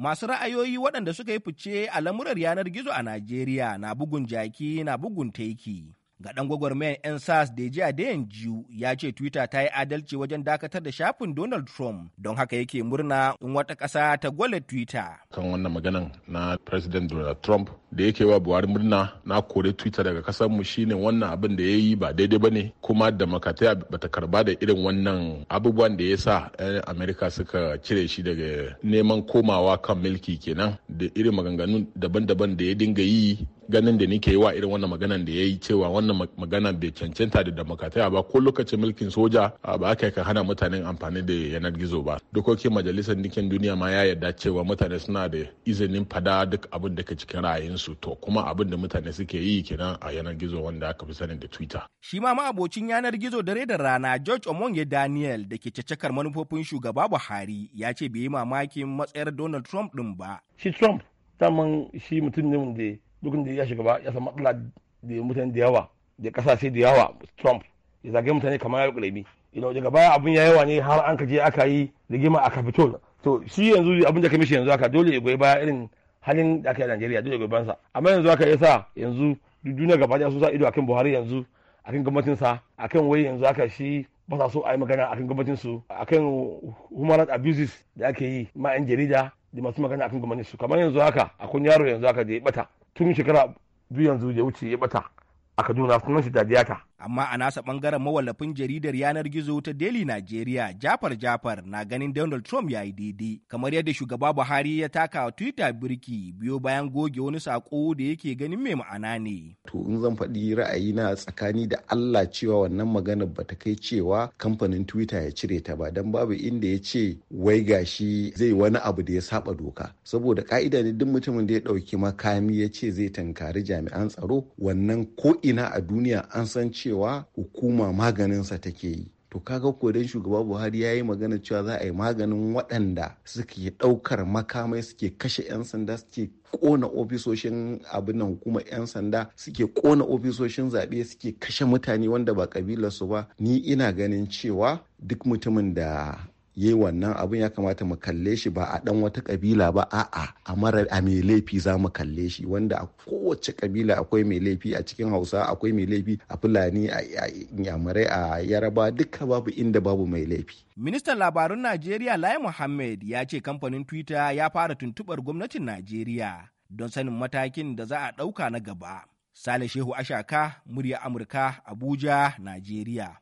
Masu ra'ayoyi waɗanda suka yi fice a lamurar yanar gizo a Najeriya na bugun jaki na bugun teki. ga ɗan gwagwarmayar 'yan sas a jiyu ya ce Twitter ta yi adalci wajen dakatar da shafin Donald Trump don haka yake murna in wata ƙasa ta gwale Twitter. Kan wannan maganan na President Donald Trump da yake wa Buhari murna na kore Twitter daga kasar mu shine wannan abin da ya yi ba daidai ba ne kuma da makataya bata karba da irin wannan abubuwan da ya sa 'yan Amerika suka cire shi daga neman komawa kan milki kenan da irin maganganu daban-daban da ya dinga yi ganin da nike yi wa irin wannan maganan da ya yi cewa wannan magana bai cancanta da demokratiya ba ko lokacin mulkin soja ba aka kan hana mutanen amfani da yanar gizo ba dokokin majalisar dinkin duniya ma ya yarda cewa mutane suna da izinin fada duk abin da ke cikin ra'ayinsu to kuma abin da mutane suke yi kenan a yanar gizo wanda aka fi sani da twitter shi ma abocin yanar gizo dare da rana george omonge daniel da ke cacakar manufofin shugaba buhari ya ce bai yi mamakin matsayar donald trump din ba shi trump daman shi mutum ne wanda duk da ya shiga ba ya san matsala da mutane da yawa da kasashe da yawa trump ya zage mutane kamar ya kulemi ina daga baya abun ya yawa ne har an kaje aka yi rigima a capitol to shi yanzu abin da ka mishi yanzu aka dole ya goyi baya irin halin da aka yi a nigeria dole ya goyi bansa amma yanzu yi yasa yanzu duniya gaba daya su sa ido akan buhari yanzu akan sa akan wai yanzu aka shi ba sa so a yi magana akan gwamnatin su akan human rights abuses da ake yi ma 'yan jarida da masu magana akan gwamnatin su kamar yanzu haka akwai yaro yanzu haka da ya bata tun shekara biyu yanzu ya wuce ya bata a kaduna sunan shi dadiyata amma a nasa bangaren mawallafin jaridar yanar gizo ta Daily Nigeria Jafar Jafar na ganin Donald Trump ya yi daidai kamar yadda shugaba Buhari ya taka a Twitter birki biyo bayan goge wani sako da yake ganin mai ma'ana ne. To in zan faɗi ra'ayi na tsakani da Allah cewa wannan magana ba ta kai cewa kamfanin Twitter ya cire ta ba don babu inda ya ce wai gashi zai wani abu da ya saba doka saboda ka'ida ne duk mutumin da ya ɗauki makami ya ce zai tankari jami'an tsaro wannan ko ina a duniya an san cewa cewa hukuma maganinsa take yi to kaga ko shugaba buhari ya yi magana cewa za a yi maganin waɗanda suke ɗaukar makamai suke kashe 'yan sanda suke kona ofisoshin abin nan hukumar 'yan sanda suke kona ofisoshin zaɓe suke kashe mutane wanda ba kabilarsu ba ni ina ganin cewa duk mutumin da yi wannan abin ya kamata mu kalle shi ba a dan wata kabila ba a'a a mara a mai laifi za mu kalle shi wanda a kowace kabila akwai mai laifi a cikin hausa akwai mai laifi a fulani a yamurai a yaraba duka babu inda babu mai laifi ministan labarun najeriya lai muhammed ya ce kamfanin twitter ya fara tuntubar gwamnatin najeriya don sanin matakin da za a ɗauka na gaba sale shehu ashaka murya amurka abuja najeriya